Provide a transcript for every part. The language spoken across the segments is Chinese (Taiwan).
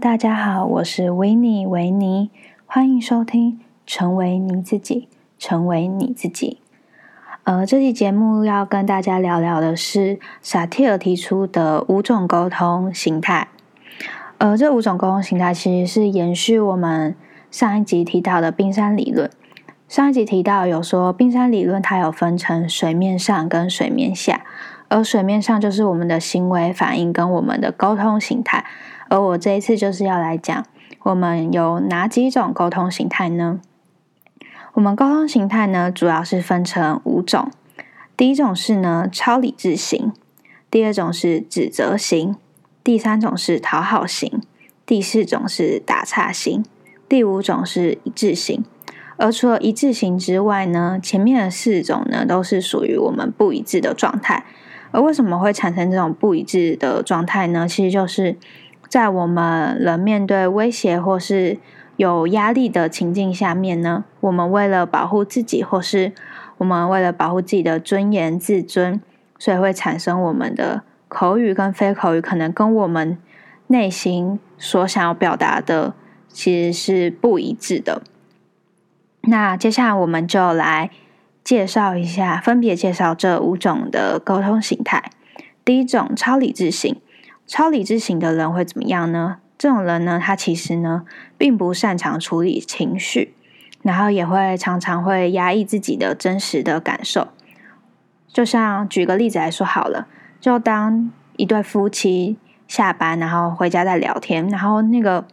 大家好，我是維尼維尼，歡迎收聽《成為你自己，成為你自己》。呃，這期節目要跟大家聊聊的是薩提爾提出的五種溝通型態。呃，這五種溝通型態其實是延續我們上一集提到的冰山理論。上一集提到有說冰山理論它有分成水面上跟水面下，而水面上就是我們的行為反應跟我們的溝通型態。而我這一次就是要來講，我們有哪幾種溝通型態呢？我們溝通型態呢，主要是分成五種。第一種是呢，超理智型；第二種是指責型；第三種是討好型；第四種是打岔型；第五種是一致型。而除了一致型之外呢，前面的四種呢，都是屬於我們不一致的狀態。而為什麼會產生這種不一致的狀態呢？其實就是。在我們人面對威脅或是有壓力的情境下面呢，我們為了保護自己，或是我們為了保護自己的尊嚴、自尊，所以會產生我們的口語跟非口語，可能跟我們內心所想要表達的其實是不一致的。那接下來我們就來介紹一下，分別介紹這五種的溝通形態。第一種，超理智型。超理智型的人會怎麼樣呢？這種人呢，他其實呢，並不擅長處理情緒，然後也會常常會壓抑自己的真實的感受。就像舉個例子來說好了，就當一對夫妻下班然後回家在聊天，然後那個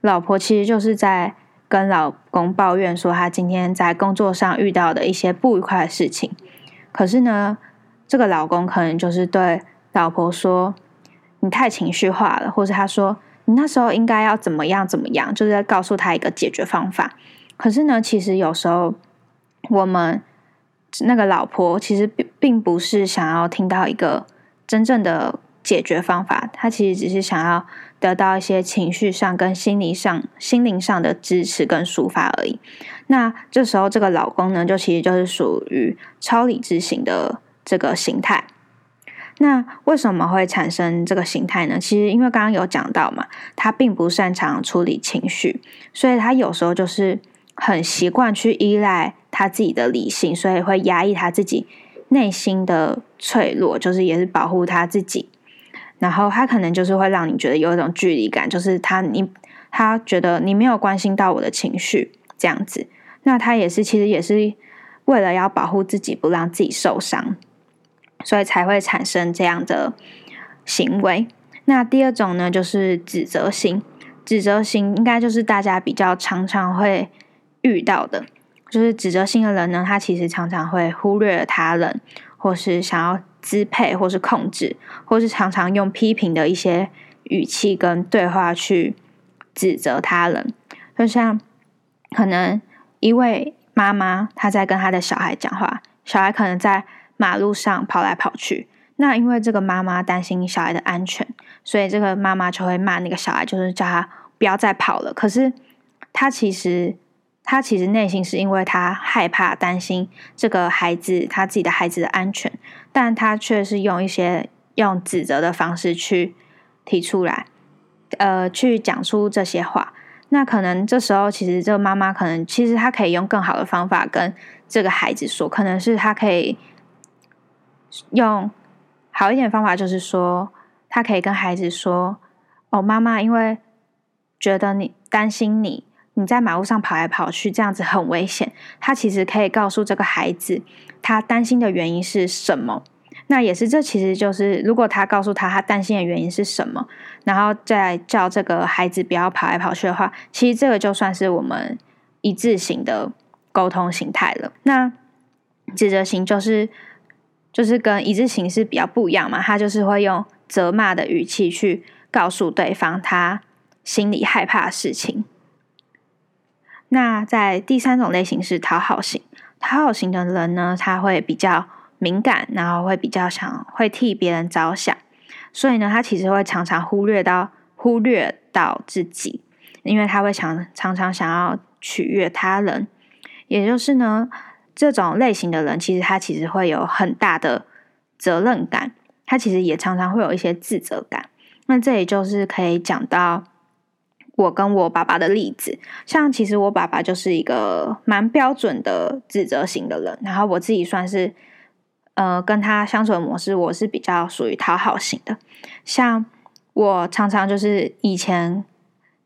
老婆其實就是在跟老公抱怨說她今天在工作上遇到的一些不愉快的事情，可是呢，這個老公可能就是對老婆說。你太情緒化了，或者他說，你那時候應該要怎麼樣怎麼樣，就是在告訴他一個解決方法。可是呢，其實有時候我們那個老婆其實並並不是想要聽到一個真正的解決方法，她其實只是想要得到一些情緒上跟心理上、心靈上的支持跟抒發而已。那這時候這個老公呢，就其實就是屬於超理智型的這個型態。那為什麼會產生這個型態呢？其實因為剛剛有講到嘛，他並不擅長處理情緒，所以他有時候就是很習慣去依賴他自己的理性，所以會壓抑他自己內心的脆弱，就是也是保護他自己。然後他可能就是會讓你覺得有一種距離感，就是他你他覺得你沒有關心到我的情緒，這樣子。那他也是其實也是為了要保護自己，不讓自己受傷。所以才會產生這樣的行為。那第二種呢，就是指責型。指責型應該就是大家比較常常會遇到的，就是指責型的人呢，他其實常常會忽略了他人，或是想要支配，或是控制，或是常常用批評的一些語氣跟對話去指責他人。就像可能一位媽媽她在跟她的小孩講話，小孩可能在。馬路上跑來跑去，那因為這個媽媽擔心小孩的安全，所以這個媽媽就會罵那個小孩，就是叫他不要再跑了。可是他其實他其實內心是因為他害怕、擔心這個孩子他自己的孩子的安全，但他卻是用一些用指責的方式去提出來，呃，去講出這些話。那可能這時候，其實這個媽媽可能其實他可以用更好的方法跟這個孩子說，可能是他可以。用好一點方法，就是說，他可以跟孩子說：“哦，媽媽因為覺得你擔心你，你在馬路上跑來跑去這樣子很危險。”他其實可以告訴這個孩子，他擔心的原因是什麼。那也是，這其實就是，如果他告訴他他擔心的原因是什麼，然後再叫這個孩子不要跑來跑去的話，其實這個就算是我們一致型的溝通形態了。那指責型就是。就是跟一致型是比較不一樣嘛，他就是會用責罵的語氣去告訴對方他心裡害怕的事情。那在第三種類型是討好型，討好型的人呢，他會比較敏感，然後會比較想會替別人着想，所以呢，他其實會常常忽略到忽略到自己，因為他會想常常想要取悅他人，也就是呢。這種類型的人，其實他其實會有很大的責任感，他其實也常常會有一些自責感。那這裡就是可以講到我跟我爸爸的例子，像其實我爸爸就是一個蠻標準的指責型的人，然後我自己算是呃跟他相處的模式，我是比較屬於討好型的。像我常常就是以前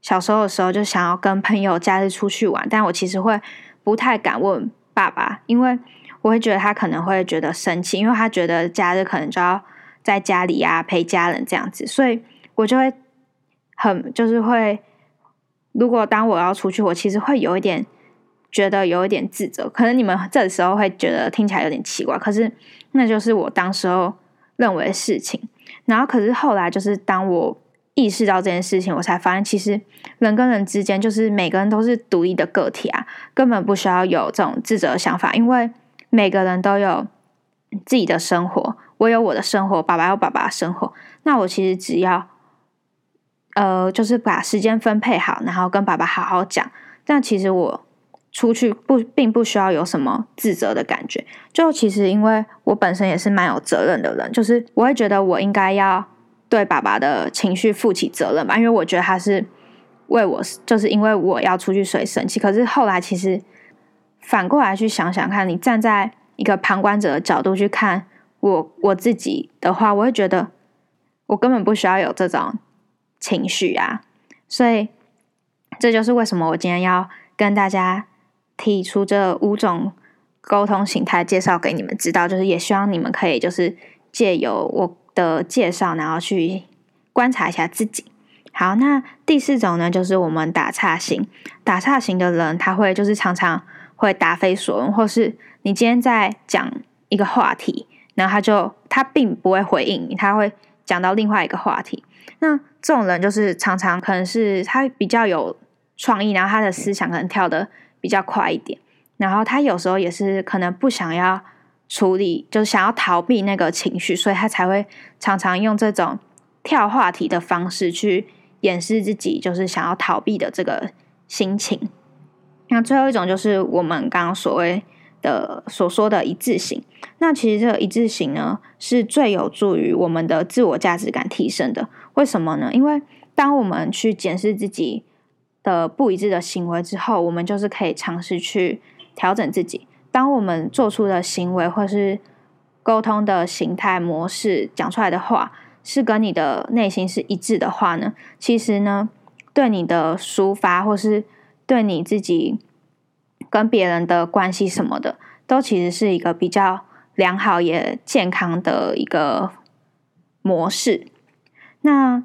小時候的時候，就想要跟朋友假日出去玩，但我其實會不太敢問。爸爸，因為我會覺得他可能會覺得生氣，因為他覺得假日可能就要在家裡啊陪家人這樣子，所以我就會很就是會，如果當我要出去，我其實會有一點覺得有一點自責。可能你們這時候會覺得聽起來有點奇怪，可是那就是我當時候認為的事情。然後可是後來就是當我。意識到這件事情，我才發現，其實人跟人之間就是每個人都是獨立的個體啊，根本不需要有這種自責的想法，因為每個人都有自己的生活，我有我的生活，爸爸有爸爸的生活。那我其實只要，呃，就是把時間分配好，然後跟爸爸好好講。但其實我出去不，並不需要有什麼自責的感覺。就其實，因為我本身也是蠻有責任的人，就是我會覺得我應該要。對爸爸的情緒負起責任吧，因為我覺得他是為我，就是因為我要出去隨生氣，可是後來其實反過來去想想看，你站在一個旁觀者的角度去看我，我自己的話，我會覺得我根本不需要有這種情緒啊。所以這就是為什麼我今天要跟大家提出這五種溝通型態，介紹給你們知道，就是也希望你們可以就是借由我。的介紹，然後去觀察一下自己。好，那第四種呢，就是我們打岔型。打岔型的人，他會就是常常會答非所問，或是你今天在講一個話題，然後他就他並不會回應你，他會講到另外一個話題。那這種人就是常常可能是他比較有創意，然後他的思想可能跳得比較快一點，然後他有時候也是可能不想要處理就是想要逃避那個情緒，所以他才會常常用這種跳話題的方式去掩飾自己，就是想要逃避的這個心情。那最後一種就是我們剛剛所謂的所說的一致型。那其實這個一致型呢，是最有助於我們的自我價值感提升的。為什麼呢？因為當我們去檢視自己的不一致的行為之後，我們就是可以嘗試去調整自己。當我們做出的行為或是溝通的形態模式，講出來的話是跟你的內心是一致的話呢，其實呢，對你的抒發或是對你自己跟別人的關係什麼的，都其實是一個比較良好也健康的一個模式。那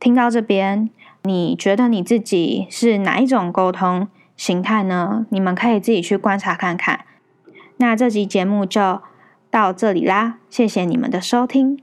聽到這邊，你覺得你自己是哪一種溝通形態呢，你們可以自己去觀察看看。那這集節目就到這裡啦，謝謝你們的收聽。